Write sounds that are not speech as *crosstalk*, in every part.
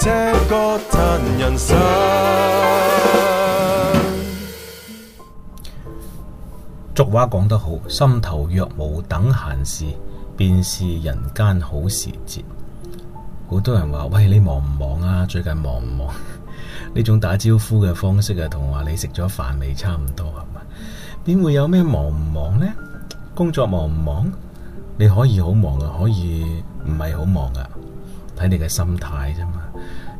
人俗話講得好，心頭若無等閒事，便是人間好時節。好多人話喂，你忙唔忙啊？最近忙唔忙？呢 *laughs* 種打招呼嘅方式啊，同話你食咗飯未差唔多係嘛？點會有咩忙唔忙呢？工作忙唔忙？你可以好忙噶，可以唔係好忙噶。睇你嘅心態啫嘛，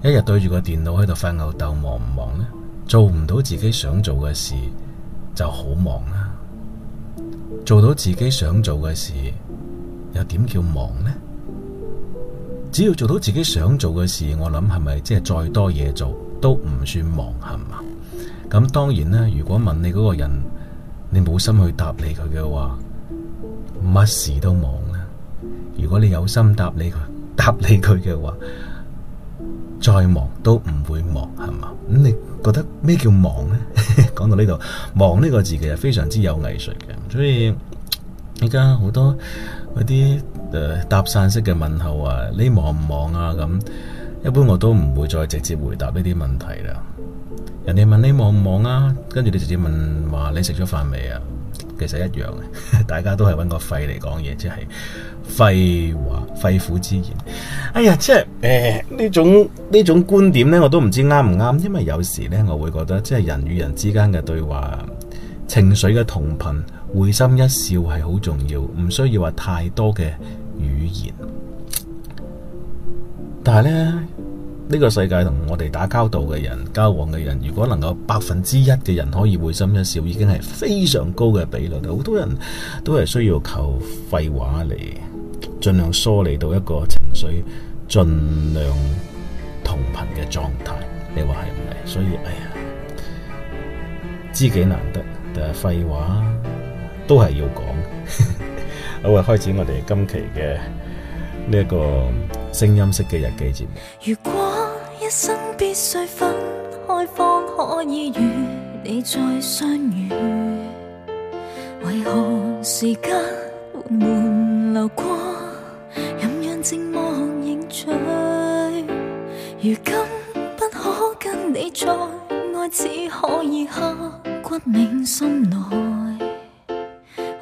一日對住個電腦喺度發吽豆，忙唔忙呢？做唔到自己想做嘅事就好忙啦，啊。做到自己想做嘅事又點叫忙呢？只要做到自己想做嘅事，我諗係咪即係再多嘢做都唔算忙係嘛？咁當然啦，如果問你嗰個人，你冇心去答理佢嘅話，乜事都忙啦，啊。如果你有心答理佢，答你佢嘅話，再忙都唔會忙，係嘛？咁你覺得咩叫忙呢？講 *laughs* 到呢度，忙呢個字其實非常之有藝術嘅，所以依家好多嗰啲誒搭訕式嘅問候啊，你忙唔忙啊？咁一般我都唔會再直接回答呢啲問題啦。人哋問你忙唔忙啊，跟住你直接問話你食咗飯未啊？其實一樣嘅，大家都係揾個肺嚟講嘢，即係廢話、肺腑之言。哎呀，即係呢種呢種觀點呢，我都唔知啱唔啱，因為有時呢，我會覺得即係人與人之間嘅對話，情緒嘅同頻，會心一笑係好重要，唔需要話太多嘅語言。但係呢。呢個世界同我哋打交道嘅人，交往嘅人，如果能夠百分之一嘅人可以會心一笑，已經係非常高嘅比率。好多人都係需要靠廢話嚟盡量梳理到一個情緒盡量同頻嘅狀態。你話係唔係？所以，哎呀，知己難得，但係廢話都係要講。 *laughs* 好，開始我哋今期嘅。呢一個聲音式嘅日記節目。如果一生必須分開，方可以與你再相遇，為何時間緩緩流過，任讓寂寞凝聚，如今不可跟你再愛，只可以刻骨銘心內。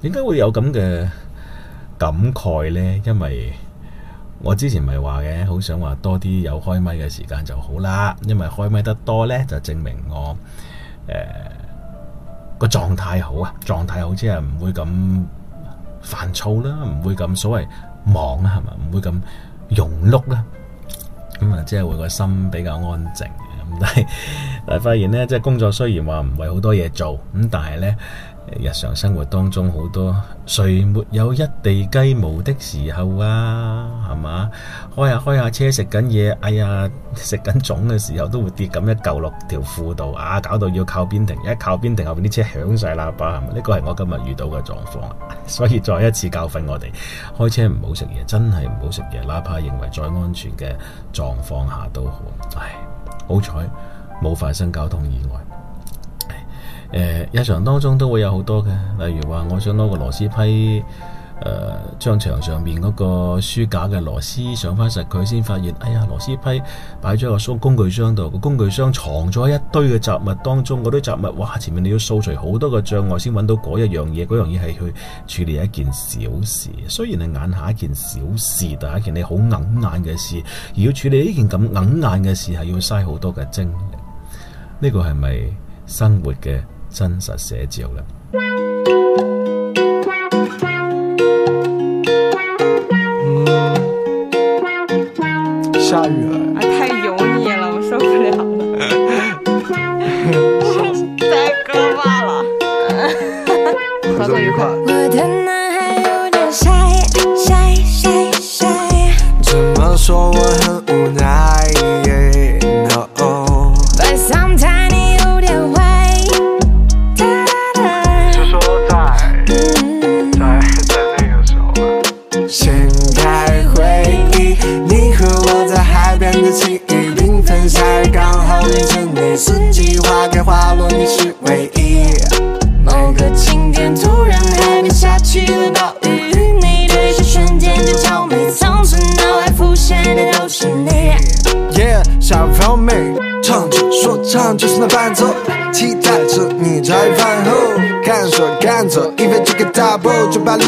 點解會有咁嘅感慨呢？因為我之前咪話嘅，好想話多啲有開麥嘅時間就好啦。因為開麥得多呢，就證明我誒、呃、個狀態好啊，狀態好即係唔會咁煩躁啦，唔會咁所謂忙啦，係咪？唔會咁庸碌啦。咁啊，即係會個心比較安靜。咁但係發現呢，即係工作雖然話唔係好多嘢做，咁但係呢。日常生活當中好多，誰沒有一地雞毛的時候啊？係嘛？開下開下車食緊嘢，哎呀，食緊粽嘅時候都會跌咁一嚿落條褲度啊！搞到要靠邊停，一、啊、靠邊停後面啲車響晒喇叭，係咪？呢個係我今日遇到嘅狀況，所以再一次教訓我哋，開車唔好食嘢，真係唔好食嘢，哪怕認為再安全嘅狀況下都好。唉，好彩冇發生交通意外。誒，日常當中都會有好多嘅，例如話我想攞個螺絲批，誒，將牆上面嗰個書架嘅螺絲上翻實佢，先發現，哎呀，螺絲批擺咗個工具箱度，個工具箱藏咗一堆嘅雜物當中，嗰堆雜物，哇，前面你要掃除好多個障礙先揾到嗰一樣嘢，嗰樣嘢係去處理一件小事。雖然你眼下一件小事，但係一件你好礙眼嘅事。而要處理呢件咁礙眼嘅事，係要嘥好多嘅精力。呢、這個係咪生活嘅？真實寫照啦。 *noise*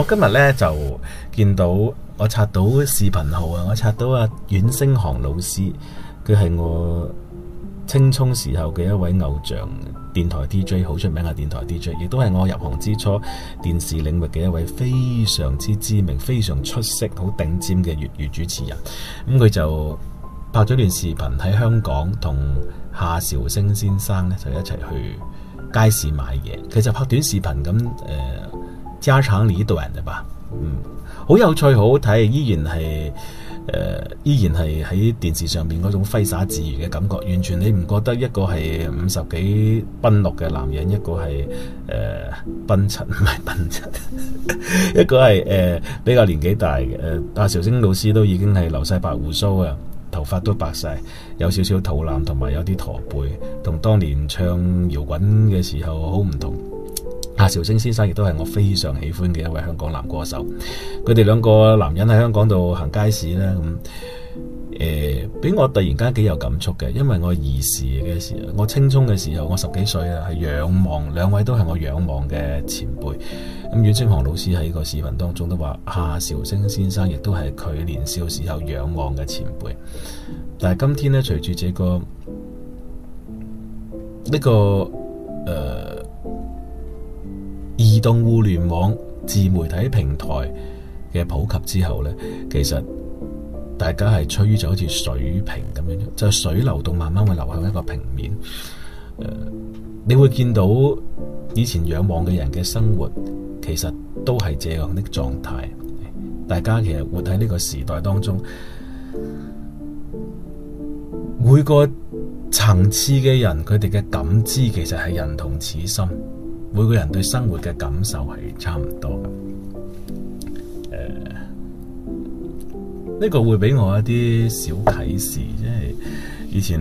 我今日咧就見到，我刷到視頻號啊！我刷到啊，阮星航老師，佢係我青蔥時候嘅一位偶像，電台 DJ 好出名嘅電台 DJ，亦都係我入行之初電視領域嘅一位非常之知名、非常出色、好頂尖嘅粵語主持人。咁、嗯、佢就拍咗段視頻喺香港，同夏韶聲先生咧就一齊去街市買嘢。其實拍短視頻咁誒。呃家產呢度人嘅吧，嗯，好有趣，好好睇，依然係誒、呃，依然係喺電視上面嗰種揮灑自如嘅感覺，完全你唔覺得一個係五十幾奔六嘅男人，一個係誒奔七唔係奔七，呃、賓賓 *laughs* 一個係誒、呃、比較年紀大嘅誒，阿、呃、邵星老師都已經係留晒白胡鬚啊，頭髮都白晒，有少少肚腩同埋有啲駝背，同當年唱搖滾嘅時候好唔同。夏韶聲先生亦都係我非常喜歡嘅一位香港男歌手，佢哋兩個男人喺香港度行街市呢，咁誒俾我突然間幾有感觸嘅，因為我兒時嘅時候，我青蔥嘅時候，我十幾歲啊，係仰望兩位都係我仰望嘅前輩。咁、嗯、阮星航老師喺個視頻當中都話，夏韶聲先生亦都係佢年少時候仰望嘅前輩。但係今天呢，隨住這個呢、這個誒。呃移動互聯網自媒體平臺嘅普及之後呢，其實大家係趨於就好似水平咁樣，就是水流動慢慢會流向一個平面。呃，你會見到以前仰望嘅人嘅生活，其實都係這樣的狀態。大家其實活喺呢個時代當中，每個層次嘅人，佢哋嘅感知其實係人同此心。每個人對生活嘅感受係差唔多嘅，誒，呢個會俾我一啲小啟示，即係以前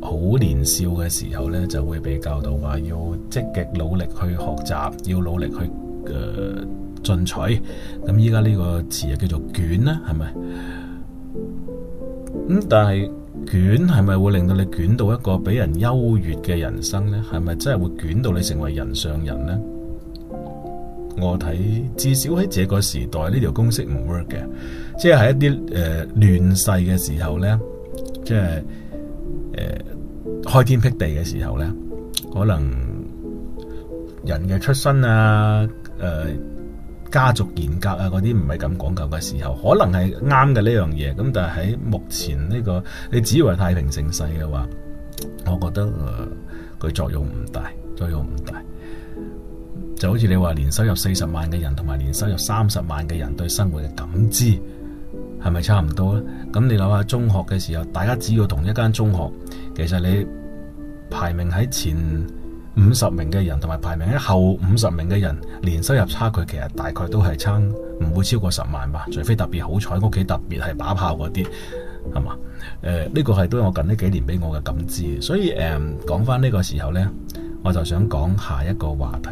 好年少嘅時候咧，就會被教導話要積極努力去學習，要努力去誒進取。咁依家呢個詞啊叫做卷啦，係咪？咁但係。捲係咪會令到你捲到一個俾人優越嘅人生呢？係咪真係會捲到你成為人上人呢？我睇，至少喺這個時代，呢條公式唔 work 嘅，即係喺一啲誒亂世嘅時候呢，即係誒、呃、開天闢地嘅時候呢，可能人嘅出身啊，誒、呃。家族嚴格啊，嗰啲唔係咁講究嘅時候，可能係啱嘅呢樣嘢。咁但係喺目前呢，這個，你只要係太平盛世嘅話，我覺得誒，佢、呃、作用唔大，作用唔大。就好似你話，年收入四十萬嘅人同埋年收入三十萬嘅人對生活嘅感知係咪差唔多咧？咁你諗下中學嘅時候，大家只要同一間中學，其實你排名喺前。五十名嘅人同埋排名喺後五十名嘅人，年收入差距其實大概都係差唔會超過十萬吧，除非特別好彩屋企特別係把炮嗰啲，係嘛？誒，呢個係都係我近呢幾年俾我嘅感知，所以誒、呃、講返呢個時候呢，我就想講下一個話題，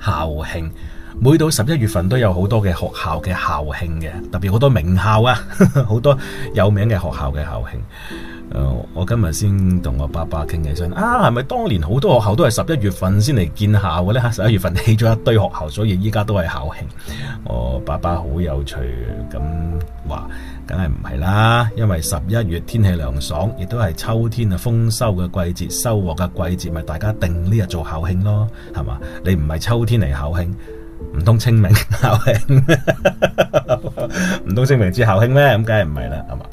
校慶。每到十一月份都有好多嘅學校嘅校慶嘅，特別好多名校啊，好 *laughs* 多有名嘅學校嘅校慶。誒、呃，我今日先同我爸爸傾起身，啊，係咪當年好多學校都係十一月份先嚟建校嘅呢？十一月份起咗一堆學校，所以依家都係校慶。我爸爸好有趣，咁話，梗係唔係啦，因為十一月天氣涼爽，亦都係秋天啊豐收嘅季節，收穫嘅季節，咪大家定呢日做校慶咯，係嘛？你唔係秋天嚟校慶，唔通清明校慶，唔 *laughs* 通清明節校慶咩？咁梗係唔係啦，係嘛？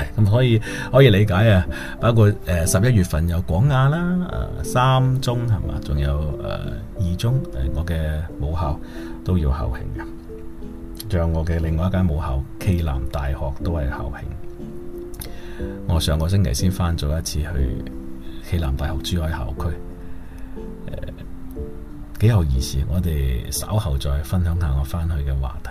咁、嗯、可以可以理解啊，包括誒十一月份有廣雅啦、呃，三中係嘛？仲有誒、呃、二中，誒、呃、我嘅母校都要校慶嘅，仲有我嘅另外一間母校暨南大學都係校慶，我上個星期先翻咗一次去暨南大學珠海校區、呃，幾有意思，我哋稍後再分享下我翻去嘅話題。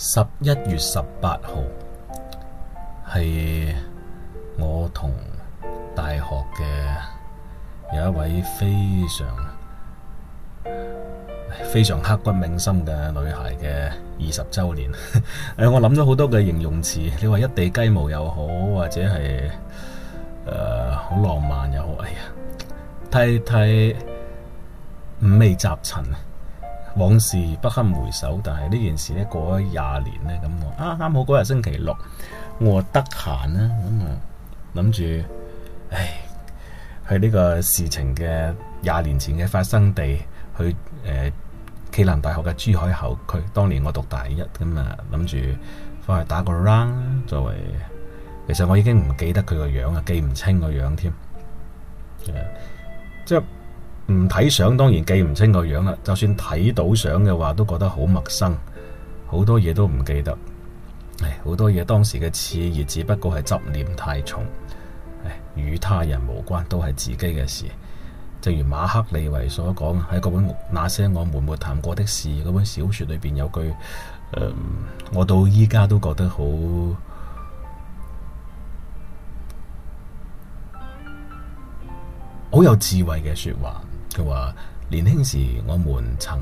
十一月十八號係我同大學嘅有一位非常非常刻骨銘心嘅女孩嘅二十周年。誒、 *laughs* 呃，我諗咗好多嘅形容詞，你話一地雞毛又好，或者係誒好浪漫又好，哎呀，太太五味雜陳啊，往事不堪回首，但係呢件事咧過咗廿年呢，咁我啊啱好嗰日星期六，我得閒呢，咁啊諗住，唉，去呢個事情嘅廿年前嘅發生地，去誒暨南大學嘅珠海校區，當年我讀大一，咁啊諗住翻去打個 round 啦，作為，其實我已經唔記得佢個樣啊，記唔清個樣添，嗯，即係。唔睇相當然記唔清個樣啦，就算睇到相嘅話，都覺得好陌生，好多嘢都唔記得。唉，好多嘢當時嘅次，而只不過係執念太重。唉，與他人無關，都係自己嘅事。正如馬克利維所講喺嗰本《那些我們沒談過的事》嗰本小說裏邊有句，呃，我到依家都覺得好，好有智慧嘅說話。話年輕時，我們曾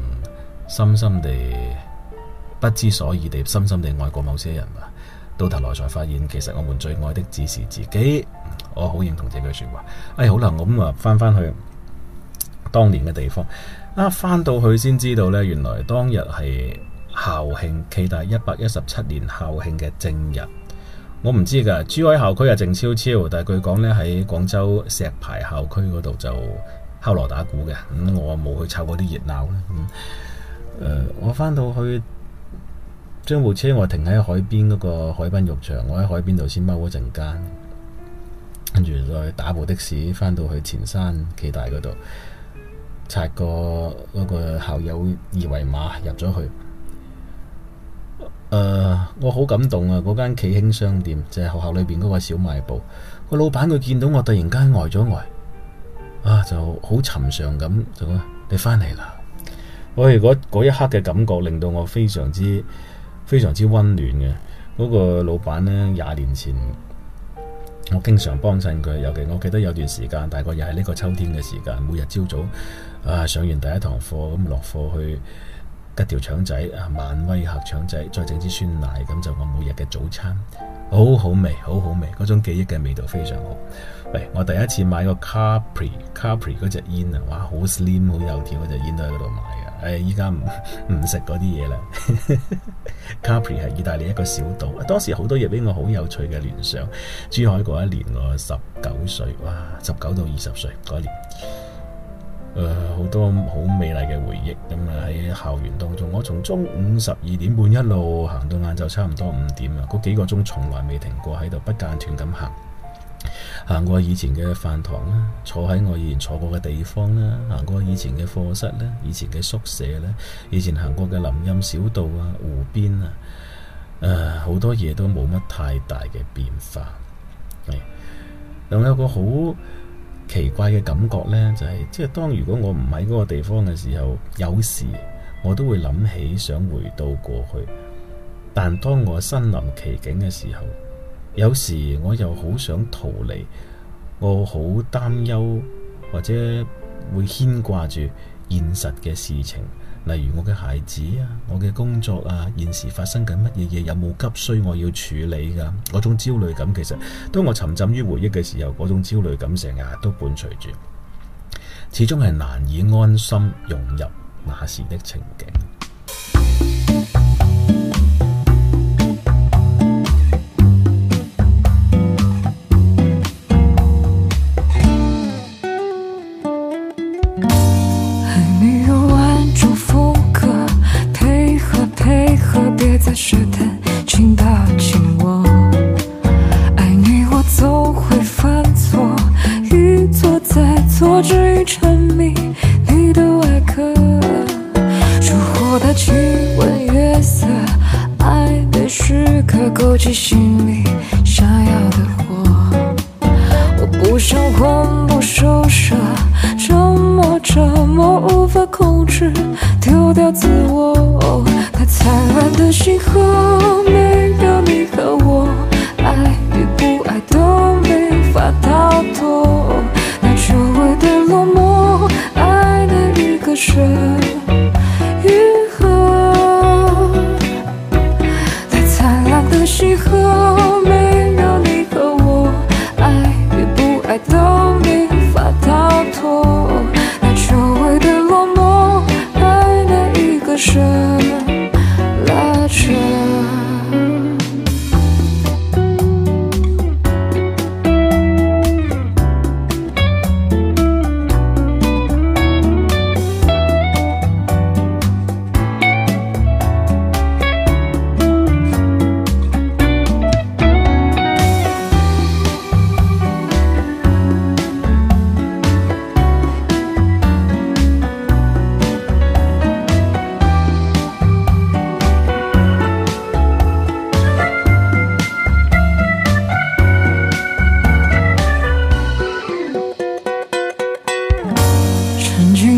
深深地不知所以地、深深地愛過某些人啊。到頭來才發現，其實我們最愛的只是自己。我好認同這句說話。哎，好啦，我咁啊，翻翻去當年嘅地方。啊，翻到去先知道呢，原來當日係校慶暨大一百一十七年校慶嘅正日。我唔知噶，珠海校區係靜悄悄，但係據講咧喺廣州石牌校區嗰度就。敲鑼打鼓嘅，咁我冇去湊嗰啲熱鬧啦。誒，我翻，嗯嗯呃，到去將部車我停喺海邊嗰個海濱浴場，我喺海邊度先踎咗陣間，跟住再打部的士翻到去前山暨大嗰度，刷個嗰個校友二維碼入咗去。誒，呃，我好感動啊！嗰間企興商店就係，是，學校裏邊嗰個小賣部，個老闆佢見到我突然間呆咗呆。啊，就好尋常咁就講你翻嚟啦。我如果嗰一刻嘅感覺令到我非常之非常之溫暖嘅。嗰個老闆呢，廿年前我經常幫襯佢，尤其我記得有段時間大概又係呢個秋天嘅時間，每日朝早啊上完第一堂課咁落課去吉條腸仔啊，萬威客腸仔，再整支酸奶，咁就我每日嘅早餐，好好味，好好味，嗰種記憶嘅味道非常好。我第一次買個 Capri，Capri 嗰隻煙啊，哇，好 Slim，好有條嗰隻煙都喺嗰度買啊。誒、哎，依家唔唔食嗰啲嘢啦。 *laughs* *laughs* Capri 係意大利一個小島，當時好多嘢俾我好有趣嘅聯想。珠海嗰一年，我十九歲，哇，十九到二十歲嗰年，誒、呃、好多好美麗嘅回憶。咁啊喺校園當中，我從中午十二點半一路行到晏晝差唔多五點啊，嗰幾個鐘從來未停過喺度，不間斷咁行。行過以前嘅飯堂啦，坐喺我以前坐過嘅地方啦，行過以前嘅課室啦，以前嘅宿舍啦，以前行過嘅林蔭小道啊，湖邊啊，誒，好多嘢都冇乜太大嘅變化。係，仲有一個好奇怪嘅感覺呢，就係即係當如果我唔喺嗰個地方嘅時候，有時我都會諗起想回到過去，但當我身臨其境嘅時候。有時我又好想逃離，我好擔憂或者會牽掛住現實嘅事情，例如我嘅孩子啊，我嘅工作啊，現時發生緊乜嘢嘢有冇急需我要處理㗎，嗰種焦慮感其實，當我沉浸於回憶嘅時候，嗰種焦慮感成日都伴隨住，始終係難以安心融入那時的情景。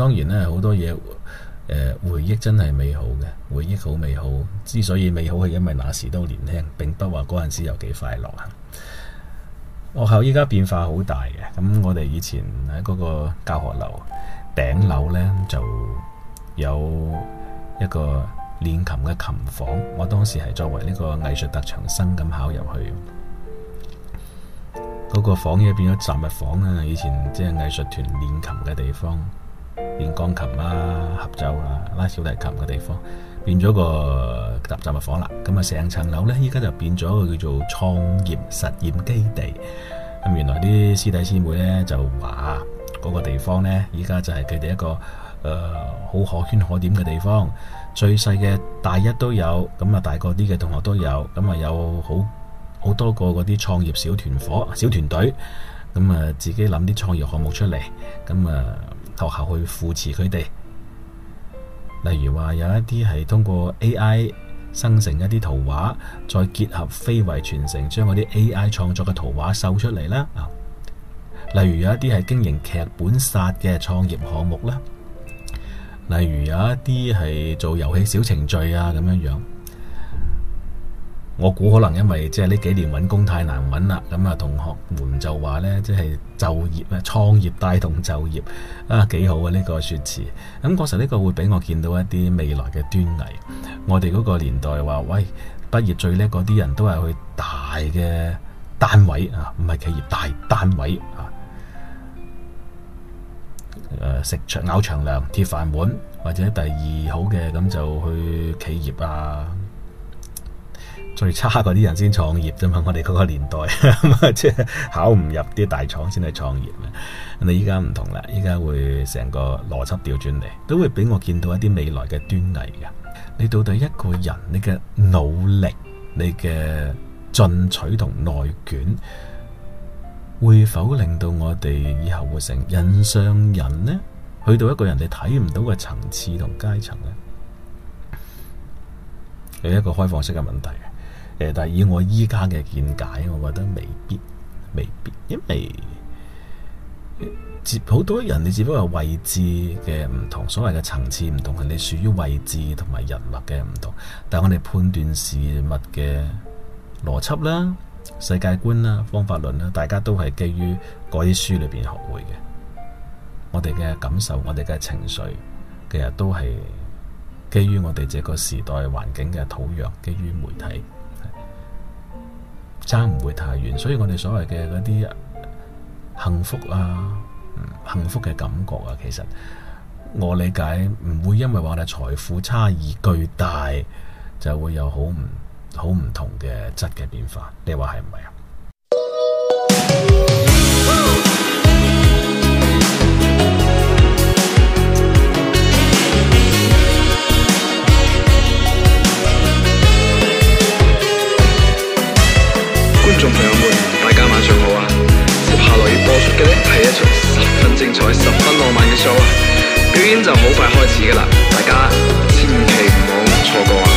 當然咧，好多嘢誒、呃、回憶真係美好嘅，回憶好美好。之所以美好，係因為那時都年輕，並不話嗰陣時有幾快樂。學校依家變化好大嘅，咁我哋以前喺嗰個教學樓頂樓呢，就有一個練琴嘅琴房。我當時係作為呢個藝術特長生咁考入去，嗰、嗰個房嘢變咗雜物房啊！以前即係藝術團練琴嘅地方。練鋼琴啦、啊、合奏啊、拉小提琴嘅地方變咗個雜雜物房啦。咁、嗯、啊，成層樓呢，依家就變咗個叫做創業實驗基地。咁、嗯、原來啲師弟師妹呢，就話嗰個地方呢，依家就係佢哋一個誒好、呃、可圈可點嘅地方。最細嘅大一都有，咁、嗯、啊大個啲嘅同學都有，咁、嗯、啊有好好多個嗰啲創業小團伙、小團隊，咁、嗯、啊、嗯、自己諗啲創業項目出嚟，咁、嗯、啊。嗯嗯學校去扶持佢哋，例如話有一啲係通過 AI 生成一啲圖畫，再結合非遺傳承，將嗰啲 AI 創作嘅圖畫秀出嚟啦。例如有一啲係經營劇本殺嘅創業項目啦，例如有一啲係做遊戲小程序啊咁樣樣。我估可能因為即係呢幾年揾工太難揾啦，咁啊同學們就話呢，即、就、係、是、就業咧，創業帶動就業啊幾好嘅、啊、呢、這個説詞。咁確實呢個會俾我見到一啲未來嘅端倪。我哋嗰個年代話，喂，畢業最叻嗰啲人都係去大嘅單位啊，唔係企業大單位啊。食長咬長糧，鐵飯碗，或者第二好嘅咁就去企業啊。最差嗰啲人先創業啫嘛，我哋嗰個年代，即 *laughs* 係考唔入啲大廠先去創業。你依家唔同啦，依家會成個邏輯調轉嚟，都會俾我見到一啲未來嘅端倪嘅。你到底一個人你嘅努力、你嘅進取同內卷，會否令到我哋以後會成人上人呢？去到一個人哋睇唔到嘅層次同階層呢，有一個開放式嘅問題。誒，但以我依家嘅見解，我覺得未必，未必，因為，好多人你只不過位置嘅唔同，所謂嘅層次唔同，係你屬於位置同埋人物嘅唔同。但我哋判斷事物嘅邏輯啦、世界觀啦、方法論啦，大家都係基於嗰啲書裏邊學會嘅。我哋嘅感受、我哋嘅情緒，其實都係基於我哋這個時代環境嘅土壤，基於媒體。差唔會太遠，所以我哋所謂嘅嗰啲幸福啊、嗯、幸福嘅感覺啊，其實我理解唔會因為話你財富差異巨大，就會有好唔好唔同嘅質嘅變化。你話係唔係啊？ *music* 精彩十分浪漫嘅 show，啊，表演就好快開始㗎喇，大家千祈唔好錯過啊！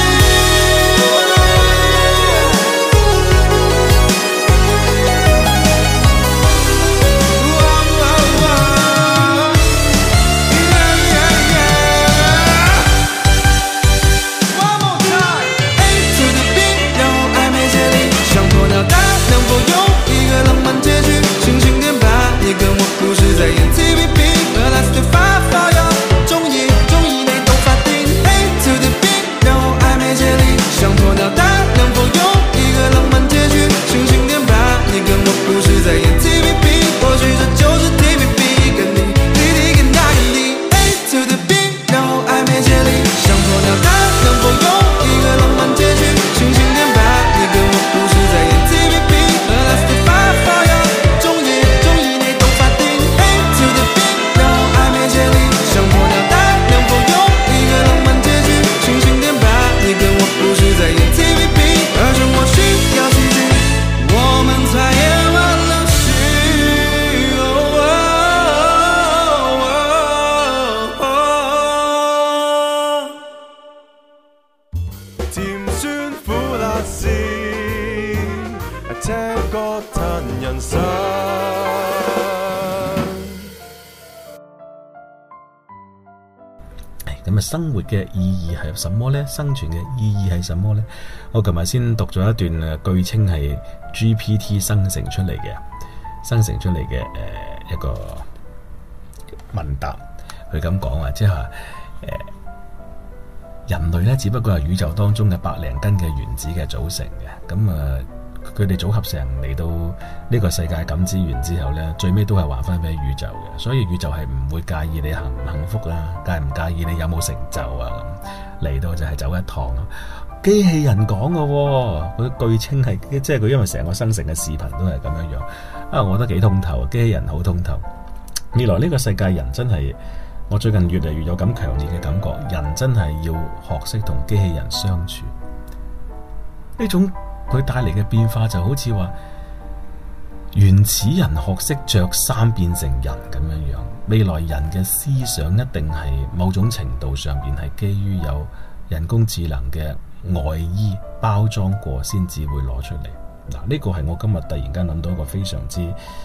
嘅意義係什麼呢？生存嘅意義係什麼呢？我琴日先讀咗一段，據稱係 GPT 生成出嚟嘅，生成出嚟嘅誒一個問答。佢咁講啊，即係呃、人類呢，只不過係宇宙當中嘅百零斤嘅原子嘅組成嘅，咁啊。呃佢哋組合成嚟到呢個世界，感知完之後呢，最尾都係還翻俾宇宙嘅，所以宇宙係唔會介意你幸唔幸福啊，介唔介意你有冇成就啊，咁嚟到就係走一趟。機器人講嘅，佢據稱係即係佢，因為成個生成嘅視頻都係咁樣樣啊，我覺得幾通透，機器人好通透。未來呢個世界人真係，我最近越嚟越有咁強烈嘅感覺，人真係要學識同機器人相處呢種。佢帶嚟嘅變化就好似話原始人學識着衫變成人咁樣樣，未來人嘅思想一定係某種程度上邊係基於有人工智能嘅外衣包裝過先至會攞出嚟。嗱，呢個係我今日突然間諗到一個非常之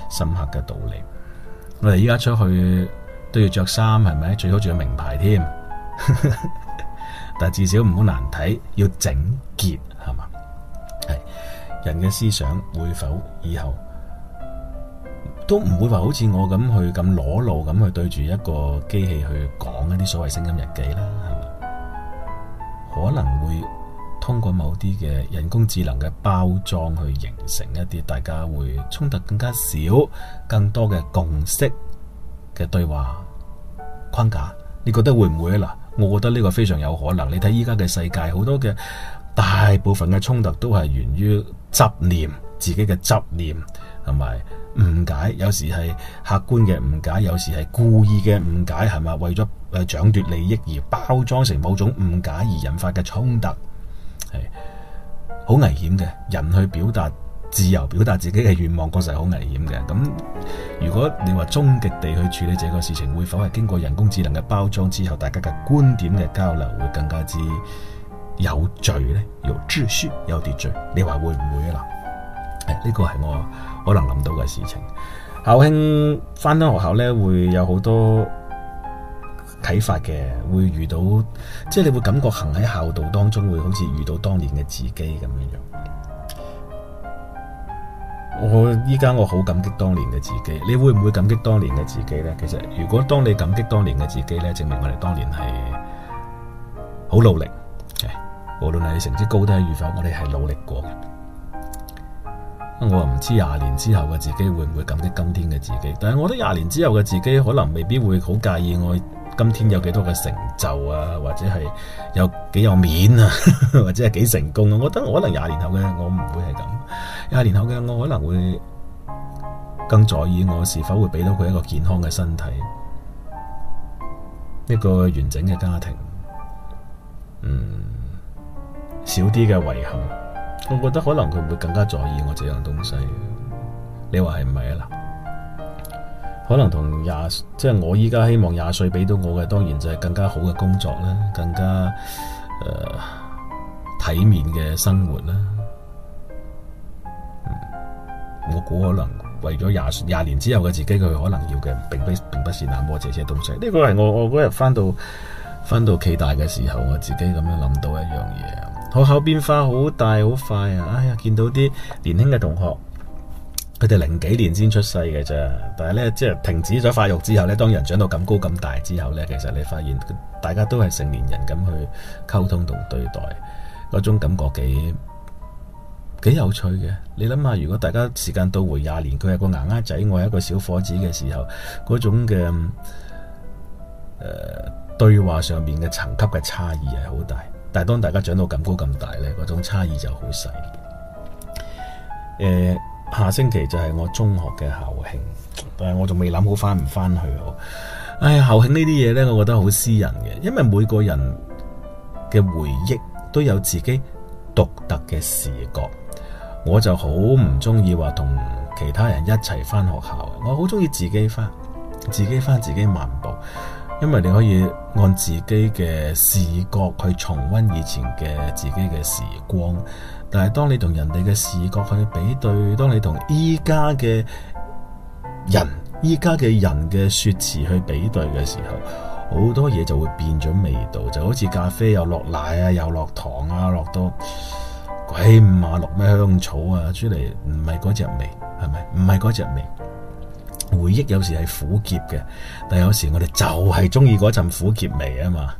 深刻嘅道理。我哋依家出去都要着衫，係咪？最好仲有名牌添， *laughs* 但至少唔好難睇，要整潔。人嘅思想會否以後都唔會話好似我咁去咁裸露咁去對住一個機器去講一啲所謂聲音日記啦，係嘛？可能會通過某啲嘅人工智能嘅包裝去形成一啲大家會衝突更加少、更多嘅共識嘅對話框架。你覺得會唔會啊？嗱，我覺得呢個非常有可能。你睇依家嘅世界，好多嘅大部分嘅衝突都係源於。執念，自己嘅執念，同埋誤解，有時係客觀嘅誤解，有時係故意嘅誤解，係咪？為咗誒搶奪利益而包裝成某種誤解而引發嘅衝突，係好危險嘅。人去表達自由，表達自己嘅願望，確實係好危險嘅。咁如果你話終極地去處理這個事情，會否係經過人工智能嘅包裝之後，大家嘅觀點嘅交流會更加之？有罪咧，有秩序有，有秩序。你話會唔會啊？嗱、哎，呢個係我可能諗到嘅事情。校慶翻到學校咧，會有好多啟發嘅，會遇到，即係你會感覺行喺校道當中，會好似遇到當年嘅自己咁樣樣。我依家我好感激當年嘅自己，你會唔會感激當年嘅自己咧？其實，如果當你感激當年嘅自己咧，證明我哋當年係好努力。無論係成績高低與否，我哋係努力過嘅。我唔知廿年之後嘅自己會唔會感激今天嘅自己，但係我覺得廿年之後嘅自己可能未必會好介意我今天有幾多嘅成就啊，或者係有幾有面啊，或者係幾成功啊。我覺得我可能廿年後嘅我唔會係咁，廿年後嘅我可能會更在意我是否會俾到佢一個健康嘅身體，一個完整嘅家庭。嗯。少啲嘅遺憾，我覺得可能佢會更加在意我這樣東西。你話係唔係啊？嗱，可能同廿即係我依家希望廿歲俾到我嘅，當然就係更加好嘅工作啦，更加誒、呃、體面嘅生活啦、嗯。我估可能為咗廿廿年之後嘅自己，佢可能要嘅並非並不是那麼這些東西。呢、這個係我我嗰日翻到翻到暨大嘅時候，我自己咁樣諗到一樣嘢。學校變化好大好快啊！哎呀，見到啲年輕嘅同學，佢哋零幾年先出世嘅咋，但係呢，即係停止咗發育之後呢，當人長到咁高咁大之後呢，其實你發現大家都係成年人咁去溝通同對待，嗰種感覺幾幾有趣嘅。你諗下，如果大家時間倒回廿年，佢係個牙牙仔，我係一個小伙子嘅時候，嗰種嘅誒、呃、對話上面嘅層級嘅差異係好大。但係當大家長到咁高咁大呢，嗰種差異就好細。誒、呃，下星期就係我中學嘅校慶，但係我仲未諗好翻唔翻去哦。哎，校慶呢啲嘢呢，我覺得好私人嘅，因為每個人嘅回憶都有自己獨特嘅視覺。我就好唔中意話同其他人一齊翻學校，我好中意自己翻，自己翻自己漫步。因為你可以按自己嘅視覺去重溫以前嘅自己嘅時光，但係當你同人哋嘅視覺去比對，當你同依家嘅人、依家嘅人嘅說辭去比對嘅時候，好多嘢就會變咗味道，就好似咖啡又落奶啊，又落糖啊，落到鬼馬啊，落咩香草啊，出嚟唔係嗰隻味，係咪？唔係嗰隻味。回憶有時係苦澀嘅，但有時我哋就係中意嗰陣苦澀味啊嘛！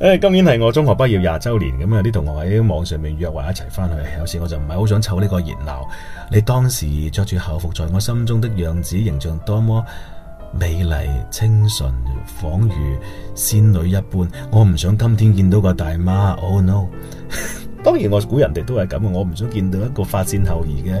誒， *laughs* 今年係我中學畢業廿周年，咁有啲同學喺網上面約埋一齊翻去。有時我就唔係好想湊呢個熱鬧。你當時着住校服在我心中的樣子，形象多麼美麗清純，仿如仙女一般。我唔想今天見到個大媽。Oh no！ *laughs* 當然我估人哋都係咁，我唔想見到一個髮線後移嘅。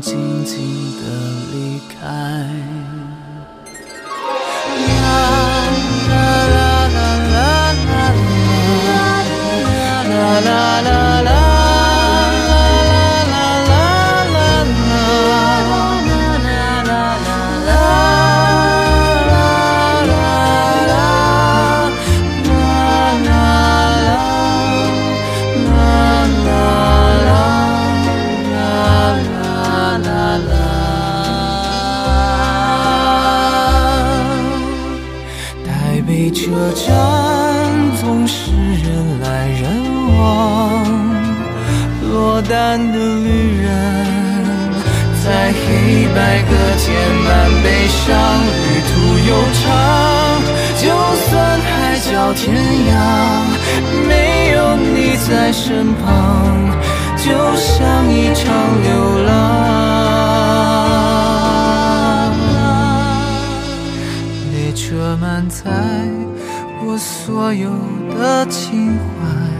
靜靜的離開。的旅人，在黑白格填滿悲傷，旅途悠長。就算海角天涯，沒有你在身旁，就像一場流浪。 *noise* 列車滿載我所有的情懷。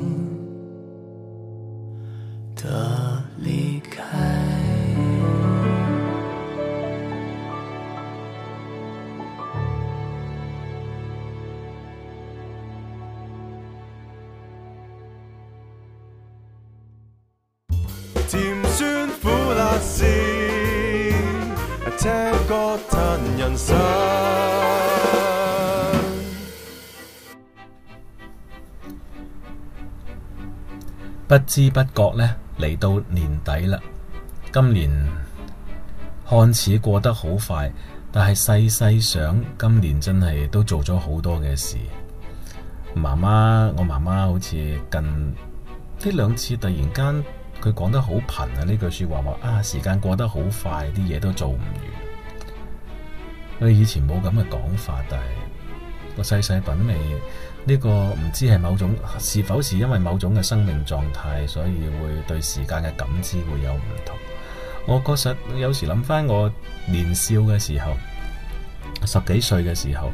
不知不覺呢，嚟到年底啦，今年看似過得好快，但係細細想，今年真係都做咗好多嘅事。媽媽，我媽媽好似近呢兩次突然間佢講得好頻啊，呢句說話話啊，時間過得好快，啲嘢都做唔完。我以前冇咁嘅講法，但係我細細品味。呢個唔知係某種，是否是因為某種嘅生命狀態，所以會對時間嘅感知會有唔同？我確實有時諗翻我年少嘅時候，十幾歲嘅時候，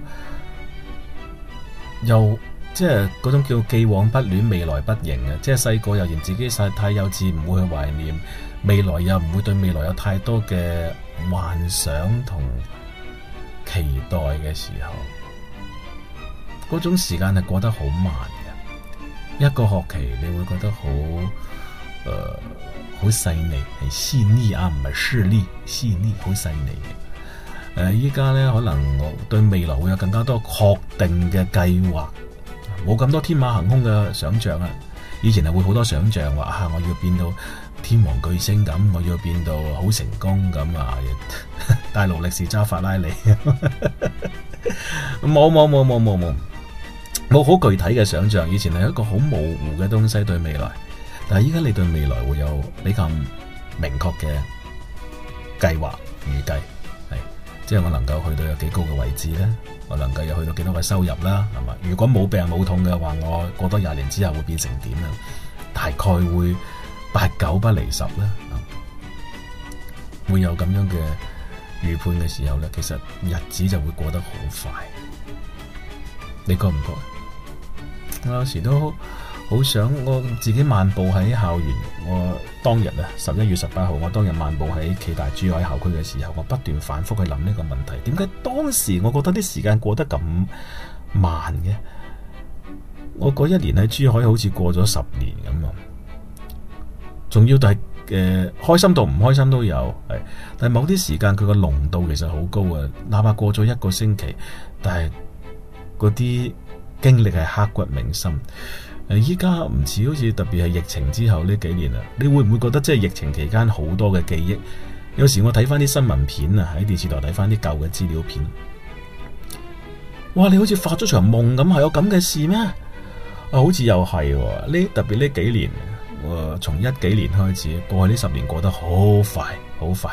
又即係嗰種叫既往不戀，未來不迎嘅，即係細個又嫌自己太幼稚，唔會去懷念未來，又唔會對未來有太多嘅幻想同期待嘅時候。嗰種時間係過得好慢嘅，一個學期你會覺得好，誒、呃，好細膩，係細膩啊，唔係疏離，細膩，好細膩嘅。誒、呃，依家咧可能我對未來會有更加多確定嘅計劃，冇咁多天馬行空嘅想象啊。以前係會好多想象話，吓、啊、我要變到天王巨星咁，我要變到好成功咁啊，戴勞力士揸法拉利，冇冇冇冇冇冇。冇好具體嘅想象，以前係一個好模糊嘅東西對未來，但係依家你對未來會有比較明確嘅計劃預計，係即係我能夠去到有幾高嘅位置咧，我能夠有去到幾多嘅收入啦，係嘛？如果冇病冇痛嘅話，我過多廿年之後會變成點啊？大概會八九不離十啦，會有咁樣嘅預判嘅時候咧，其實日子就會過得好快，你覺唔覺？我有時都好想我自己漫步喺校園。我當日啊，十一月十八號，我當日漫步喺暨大珠海校區嘅時候，我不斷反覆去諗呢個問題：點解當時我覺得啲時間過得咁慢嘅？我嗰一年喺珠海好似過咗十年咁啊！仲要係誒、呃，開心到唔開心都有，係但係某啲時間佢個濃度其實好高啊！哪怕過咗一個星期，但係嗰啲。經歷係刻骨銘心，誒依家唔似好似特別係疫情之後呢幾年啊，你會唔會覺得即係疫情期間好多嘅記憶？有時我睇翻啲新聞片啊，喺電視台睇翻啲舊嘅資料片，哇！你好似發咗場夢咁，係有咁嘅事咩？啊，好似又係喎，呢特別呢幾年，我從一幾年開始，過去呢十年過得好快，好快，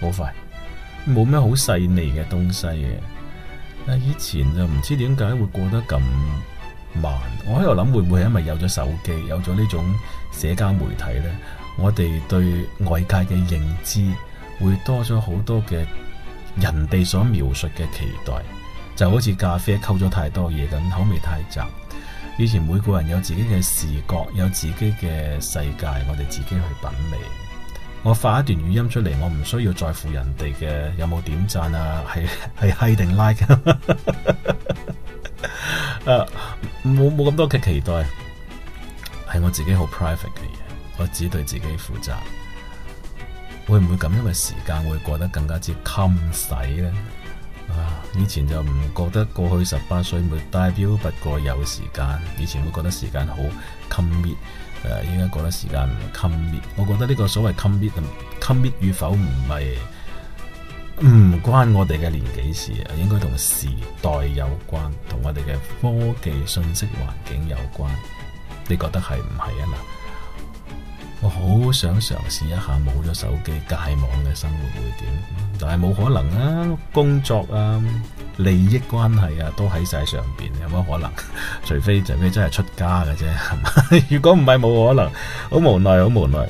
好快，冇咩好細膩嘅東西嘅。以前就唔知點解會過得咁慢，我喺度諗會唔會係因為有咗手機，有咗呢種社交媒體呢？我哋對外界嘅認知會多咗好多嘅人哋所描述嘅期待，就好似咖啡溝咗太多嘢咁，口味太雜。以前每個人有自己嘅視覺，有自己嘅世界，我哋自己去品味。我發一段語音出嚟，我唔需要在乎人哋嘅有冇點讚啊，係係係定 like，誒、 *laughs* 啊，冇冇咁多嘅期待，係我自己好 private 嘅嘢，我只對自己負責，會唔會咁樣嘅時間會過得更加之襟使呢？以前就唔覺得過去十八歲沒代表，不過有時間。以前會覺得時間好禁滅，誒，而家覺得時間唔禁滅。我覺得呢個所謂禁滅禁滅與否唔係唔關我哋嘅年紀事，應該同時代有關，同我哋嘅科技信息環境有關。你覺得係唔係啊？嗱？我好想嘗試一下冇咗手機戒網嘅生活會點，但係冇可能啊！工作啊、利益關係啊，都喺晒上邊，有乜可能？除非就係真係出家嘅啫， *laughs* 如果唔係冇可能。好無奈，好無奈。誒、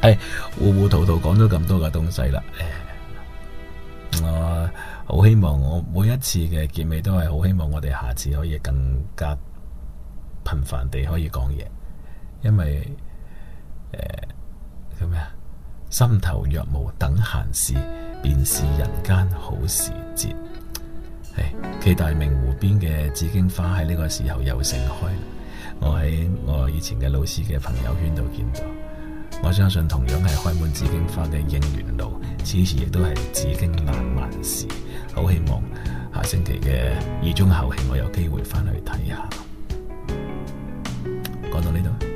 哎，糊糊塗塗講咗咁多嘅東西啦。誒，我好希望我每一次嘅結尾都係好希望我哋下次可以更加頻繁地可以講嘢，因為。誒，叫咩啊？心頭若無等閒事，便是人間好時節。期待明湖邊嘅紫荊花喺呢個時候又盛開。我喺我以前嘅老師嘅朋友圈度見到，我相信同樣係開滿紫荊花嘅應元路，此時亦都係紫荊爛漫時。好希望下星期嘅二中校慶，我有機會翻去睇下。講到呢度。